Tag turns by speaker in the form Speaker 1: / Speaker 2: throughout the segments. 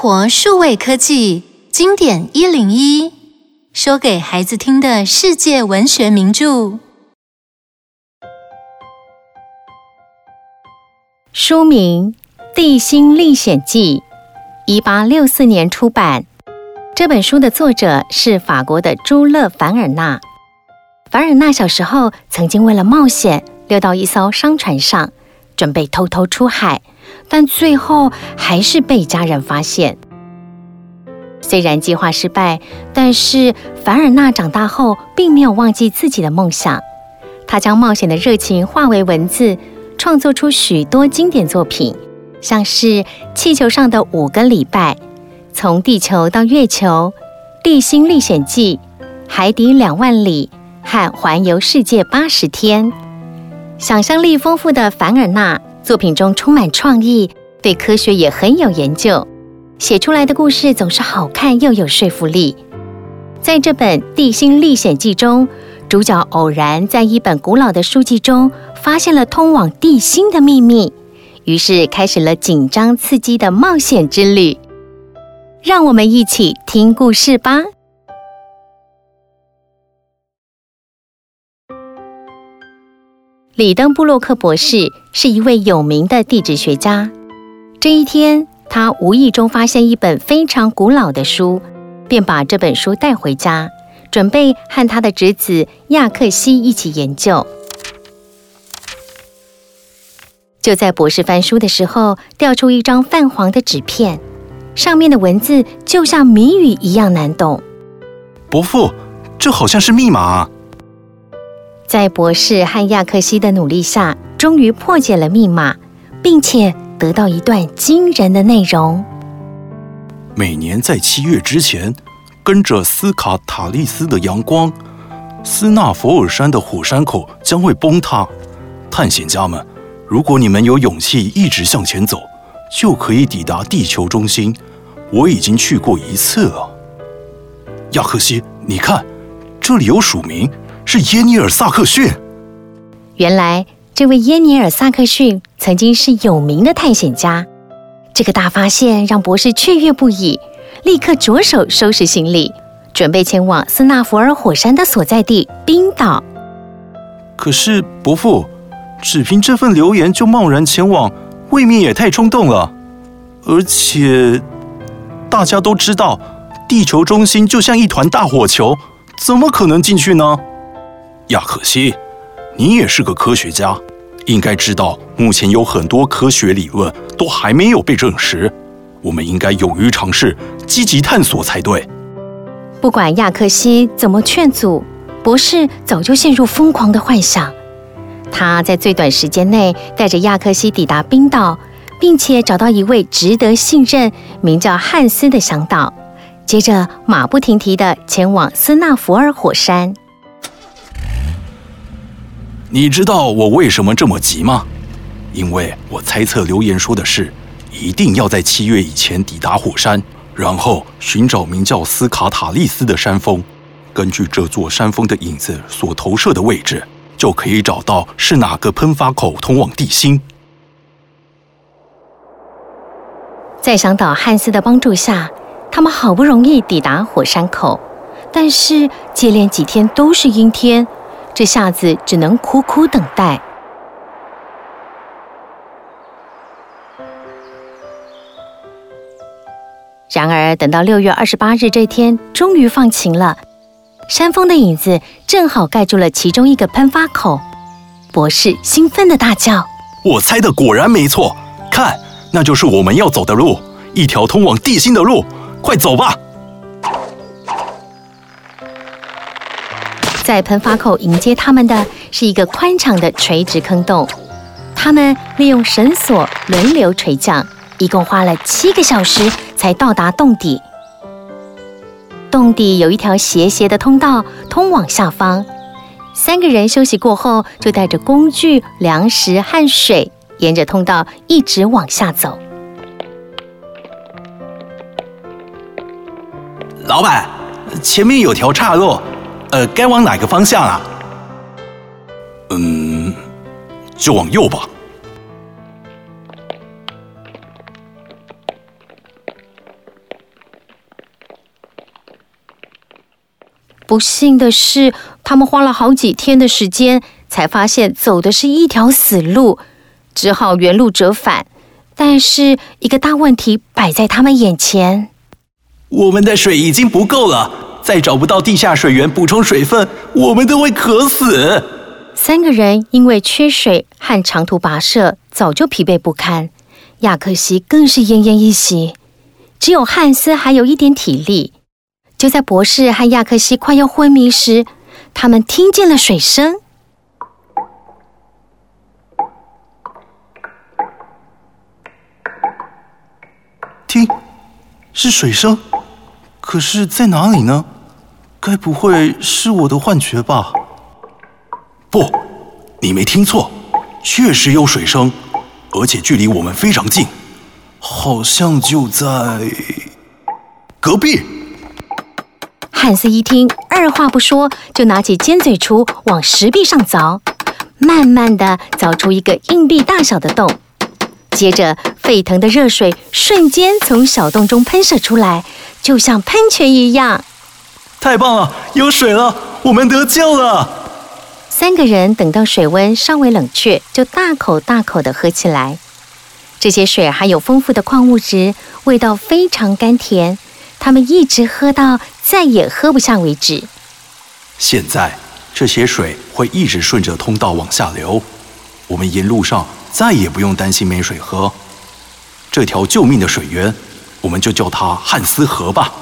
Speaker 1: 活數位科技經典一零一，說給孩子聽的世界文學名著。書名《地心歷險記》，一八六四年出版。這本書的作者是法國的朱勒凡爾納。凡爾納小時候曾經為了冒險，溜到一艘商船上，準備偷偷偷出海。但最後還是被家人發現。雖然計劃失敗，但是凡爾納長大後並沒有忘記自己的夢想。他將冒險的熱情化為文字，創作出許多經典作品，像是《氣球上的五個禮拜》《從地球到月球》《地心歷險記》《海底兩萬里》和《環遊世界八十天》。想象力豐富的凡爾納。作品中充滿創意，對科學也很有研究，寫出來的故事總是好看又有說服力。在這本《地心歷險記》中，主角偶然在一本古老的書籍中發現了通往地心的秘密，於是開始了緊張刺激的冒險之旅。讓我們一起聽故事吧。里登布洛克博士是一位有名的地質學家。這一天，他無意中發現一本非常古老的書，便把這本書帶回家，準備和他的侄子亞克西一起研究。就在博士翻書的時候，掉出一張泛黃的紙片，上面的文字就像謎語一樣難懂。
Speaker 2: 伯父，這好像是密碼。
Speaker 1: 在博士和亞克西的努力下，終於破解了密碼，並且得到一段驚人的內容。
Speaker 2: 每年在七月之前，跟着斯卡塔利斯的陽光，斯納佛爾山的火山口將會崩塌。探險家們，如果你們有勇氣一直向前走，就可以抵達地球中心。我已經去過一次了。亞克西，你看，這裡有署名。是耶尼爾·薩克遜。
Speaker 1: 原來，這位耶尼爾·薩克遜曾經是有名的探險家。這個大發現讓博士雀躍不已，立刻着手收拾行李，準備前往斯納福爾火山的所在地——冰島。
Speaker 2: 可是，伯父，只憑這份留言就貿然前往，未免也太衝動了。而且，大家都知道，地球中心就像一團大火球，怎麼可能進去呢？亞克西，你也是個科學家，應該知道目前有很多科學理論都還沒有被證實。我們應該勇於嘗試，積極探索才對。
Speaker 1: 不管亞克西怎麼勸阻，博士早就陷入瘋狂的幻想。他在最短時間內帶着亞克西抵達冰島，並且找到一位值得信任、名叫漢斯的向導，接着馬不停蹄地前往斯納福爾火山。
Speaker 2: 你知道我為什麼這麼急嗎？因為我猜測留言說的是，一定要在七月以前抵達火山，然後尋找名叫斯卡塔利斯的山峰。根據這座山峰的影子所投射的位置，就可以找到是哪個噴發口通往地心。
Speaker 1: 在嚮導漢斯的幫助下，他們好不容易抵達火山口，但是接連幾天都是陰天。這下子只能苦苦等待。然而，等到六月二十八日這天，終於放晴了，山峰的影子正好蓋住了其中一個噴發口。博士
Speaker 2: 興奮的大叫：“我猜的果然沒錯，看，那就是我們要走的路，一條通往地心的路，快走吧！”
Speaker 1: 在噴發口迎接他們的是一個寬敞的垂直坑洞，他們利用繩索輪流垂降，一共花了七個小時才到達洞底。洞底有一條斜斜的通道通往下方，三個人休息過後，就帶着工具、糧食和水，沿着通道一直往下走。
Speaker 2: 老闆，前面有條岔路！呃，該往哪個方向啊？嗯，就往右吧。
Speaker 1: 不幸的是，他們花了好幾天的時間，才發現走的是一條死路，只好原路折返。但是，一個大問題擺在他們眼前：
Speaker 2: 我們的水已經不夠了。再找不到地下水源補充水分，我們都會渴死。
Speaker 1: 三個人因為缺水和長途跋涉，早就疲憊不堪。亞克西更是奄奄一息，只有漢斯還有一點體力。就在博士和亞克西快要昏迷時，他們聽見了水聲。
Speaker 2: 聽，是水聲，可是在哪裡呢？該不會是我的幻覺吧？不，你沒聽錯，確實有水聲，而且距離我們非常近，好像就在隔壁。
Speaker 1: 漢斯一聽，二話不說，就拿起尖嘴鋤往石壁上鑿，慢慢的鑿出一個硬幣大小的洞，接着沸騰的熱水瞬間從小洞中噴射出來，就像噴泉一樣。
Speaker 2: 太棒了，有水了，我們得救了。
Speaker 1: 三個人等到水溫稍微冷卻，就大口大口地喝起來。這些水含有豐富的礦物質，味道非常甘甜。他們一直喝到再也喝不下為止。
Speaker 2: 現在這些水會一直順着通道往下流，我們沿路上再也不用擔心沒水喝。這條救命的水源，我們就叫它漢斯河吧。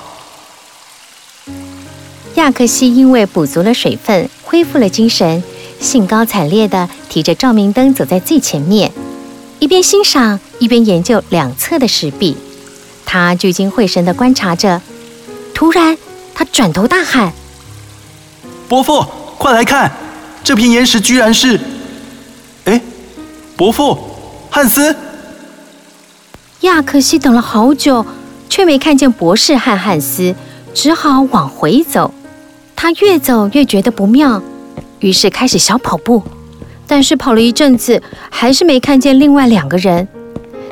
Speaker 1: 亞克西因為補足了水分，恢復了精神，興高采烈地提着照明燈走在最前面，一邊欣賞一邊研究兩側的石壁。他聚精會神地觀察着，突然他轉頭大喊：“
Speaker 2: 伯父，快來看！這片岩石居然是……哎，伯父，漢斯！”
Speaker 1: 亞克西等了好久，卻沒看見博士和漢斯，只好往回走。他越走越覺得不妙，於是開始小跑步。但是跑了一陣子，還是沒看見另外兩個人。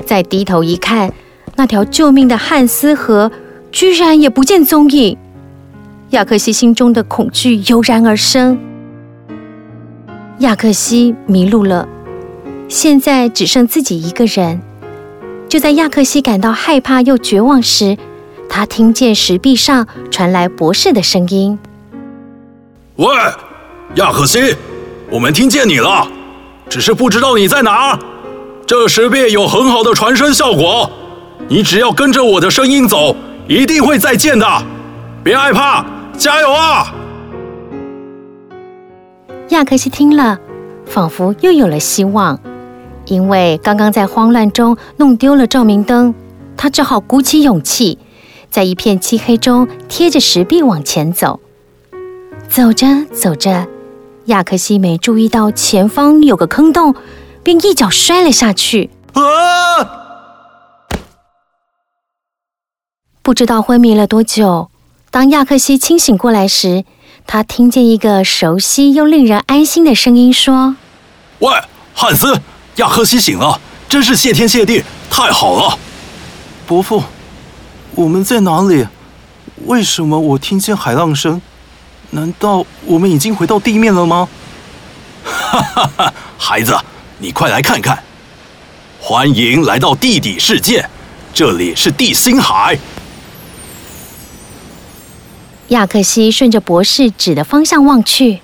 Speaker 1: 再低頭一看，那條救命的漢斯河居然也不見蹤影。亞克西心中的恐懼油然而生。亞克西迷路了，現在只剩自己一個人。就在亞克西感到害怕又絕望時，他聽見石壁上傳來博士的聲音。
Speaker 2: 喂，亞克西，我們聽見你了，只是不知道你在哪兒。這石壁有很好的傳聲效果，你只要跟着我的聲音走，一定會再見的。別害怕，加油啊！
Speaker 1: 亞克西聽了，仿佛又有了希望，因為剛剛在慌亂中弄丟了照明燈，他只好鼓起勇氣，在一片漆黑中貼着石壁往前走。走着走着，亞克西沒注意到前方有個坑洞，便一腳摔了下去。啊！不知道昏迷了多久，當亞克西清醒過來時，他聽見一個熟悉又令人安心的聲音說：“
Speaker 2: 喂，漢斯，亞克西醒了，真是謝天謝地，太好了！伯父，我們在哪裡？為什麼我聽見海浪聲？”難道我們已經回到地面了嗎？哈哈哈！孩子，你快來看看，歡迎來到地底世界，這裡是地心海。
Speaker 1: 亞克西順着博士指的方向望去，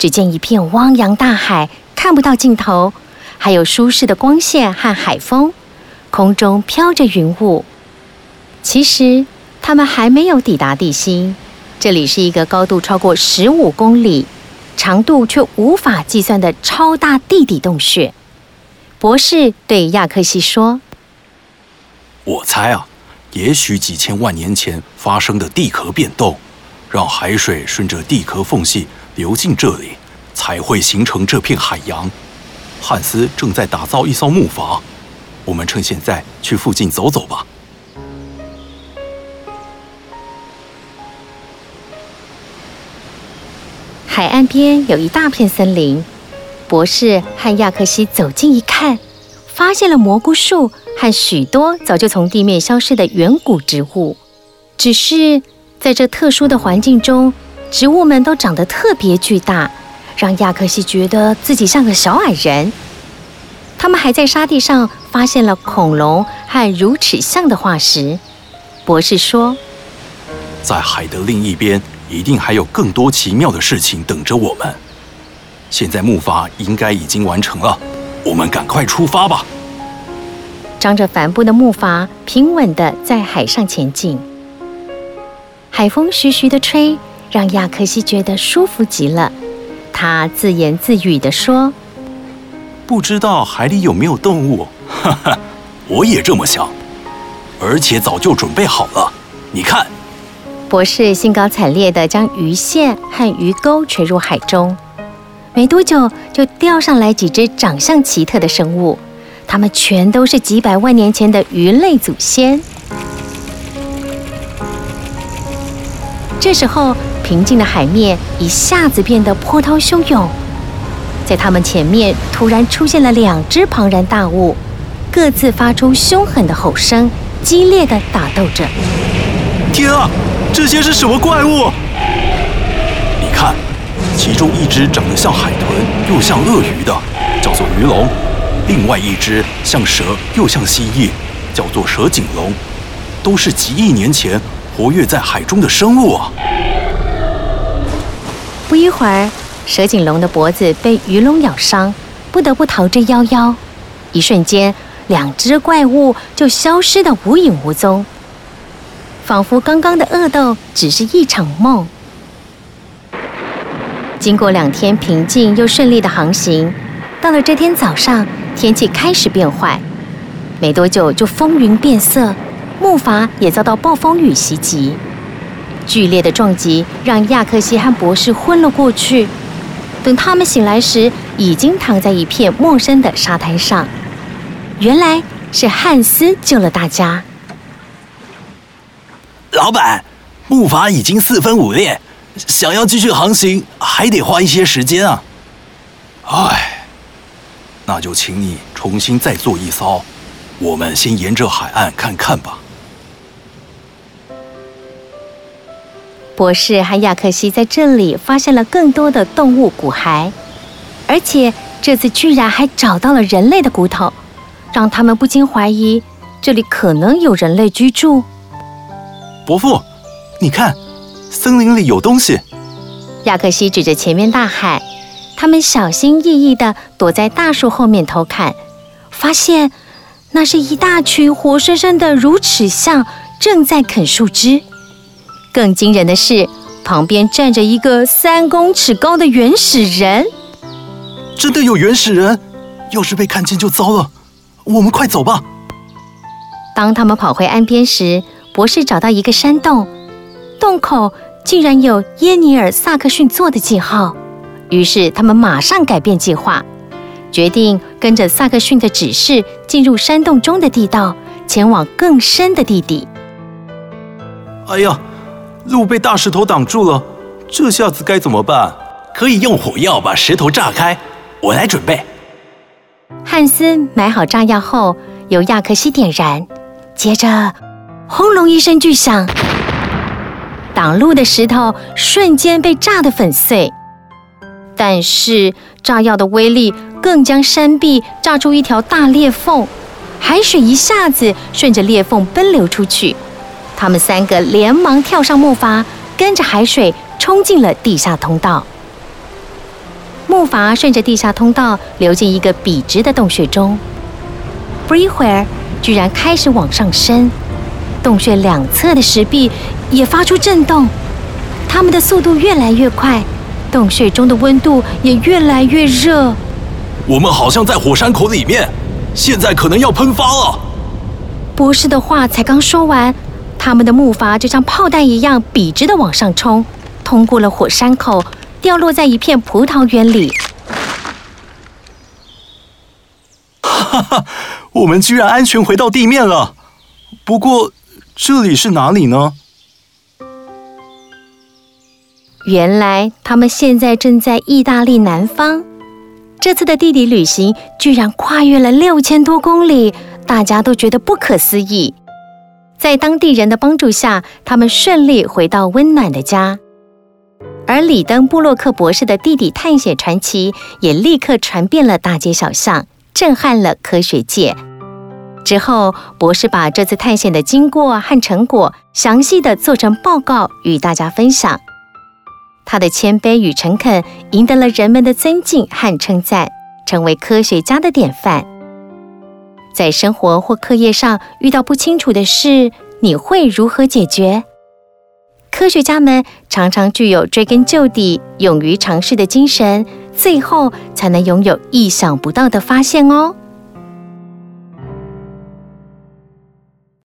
Speaker 1: 只見一片汪洋大海，看不到盡頭，還有舒適的光線和海風，空中飄着雲霧。其實，他們還沒有抵達地心。這裡是一個高度超過十五公里、長度卻無法計算的超大地底洞穴。博士對亞克西說：“
Speaker 2: 我猜啊，也許幾千萬年前發生的地殼變動，讓海水順着地殼縫隙流進這裡，才會形成這片海洋。”漢斯正在打造一艘木筏，我們趁現在去附近走走吧。
Speaker 1: 海岸邊有一大片森林，博士和亞克西走近一看，發現了蘑菇樹和許多早就從地面消失的遠古植物。只是在這特殊的環境中，植物們都長得特別巨大，讓亞克西覺得自己像個小矮人。他們還在沙地上發現了恐龍和乳齒象的化石。博士說：“
Speaker 2: 在海的另一邊。”一定還有更多奇妙的事情等着我們。現在木筏應該已經完成了，我們趕快出發吧。
Speaker 1: 張着帆布的木筏平穩的在海上前進，海風徐徐的吹，讓亞克西覺得舒服極了。他自言自語的說：“
Speaker 2: 不知道海裡有沒有動物？哈哈，我也這麼想，而且早就準備好了。你看。”
Speaker 1: 博士興高采烈地將魚線和魚鈎垂入海中，沒多久就釣上來幾隻長相奇特的生物，它們全都是幾百萬年前的魚類祖先。這時候，平靜的海面一下子變得波濤洶湧，在它們前面突然出現了兩隻龐然大物，各自發出凶狠的吼聲，激烈的打鬥着。
Speaker 2: 天啊！這些是什麼怪物？你看，其中一隻長得像海豚又像鱷魚的，叫做魚龍；另外一隻像蛇又像蜥蜴，叫做蛇頸龍，都是幾億年前活躍在海中的生物啊！
Speaker 1: 不一會兒，蛇頸龍的脖子被魚龍咬傷，不得不逃之夭夭。一瞬間，兩隻怪物就消失得無影無蹤。仿佛剛剛的惡鬥只是一場夢。經過兩天平靜又順利的航行，到了這天早上，天氣開始變壞，沒多久就風雲變色，木筏也遭到暴風雨襲擊。劇烈的撞擊讓亞克西漢博士昏了過去。等他們醒來時，已經躺在一片陌生的沙灘上。原來是漢斯救了大家。
Speaker 2: 老板，木筏已經四分五裂，想要繼續航行還得花一些時間啊。哎，那就請你重新再做一艘，我們先沿着海岸看看吧。
Speaker 1: 博士和亞克西在這裡發現了更多的動物骨骸，而且這次居然還找到了人類的骨頭，讓他們不禁懷疑這裡可能有人類居住。
Speaker 2: 伯父，你看，森林裡有東西。
Speaker 1: 亞克西指着前面大喊。他們小心翼翼的躲在大樹後面偷看，發現那是一大群活生生的乳齒象正在啃樹枝。更驚人的是，旁邊站着一個三公尺高的原始人。
Speaker 2: 真的有原始人？要是被看見就糟了。我們快走吧。
Speaker 1: 當他們跑回岸邊時。博士找到一個山洞，洞口竟然有耶尼爾薩克遜做的記號。於是他們馬上改變計劃，決定跟着薩克遜的指示進入山洞中的地道，前往更深的地底。
Speaker 2: 哎呀，路被大石頭擋住了，這下子該怎麼辦？可以用火藥把石頭炸開，我來準備。
Speaker 1: 漢森買好炸藥後，由亞克西點燃，接着。轟隆一聲巨響，擋路的石頭瞬間被炸得粉碎。但是炸藥的威力更將山壁炸出一條大裂縫，海水一下子順着裂縫奔流出去。他們三個連忙跳上木筏，跟着海水衝進了地下通道。木筏順着地下通道流進一個筆直的洞穴中，不一會兒，居然開始往上升。洞穴兩側的石壁也發出震動，它們的速度越來越快，洞穴中的溫度也越來越熱。
Speaker 2: 我們好像在火山口裡面，現在可能要噴發了。
Speaker 1: 博士的話才剛說完，他們的木筏就像炮彈一樣筆直的往上衝，通過了火山口，掉落在一片葡萄園裡。哈
Speaker 2: 哈哈，我們居然安全回到地面了。不過。這裡是哪裡呢？
Speaker 1: 原來他們現在正在意大利南方。這次的地底旅行居然跨越了六千多公里，大家都覺得不可思議。在當地人的幫助下，他們順利回到溫暖的家。而里登布洛克博士的地底探險傳奇也立刻傳遍了大街小巷，震撼了科學界。之後，博士把這次探險的經過和成果詳細地做成報告與大家分享。他的謙卑與誠懇贏得了人們的尊敬和稱讚，成為科學家的典範。在生活或課業上遇到不清楚的事，你會如何解決？科學家們常常具有追根究底、勇於嘗試的精神，最後才能擁有意想不到的發現哦。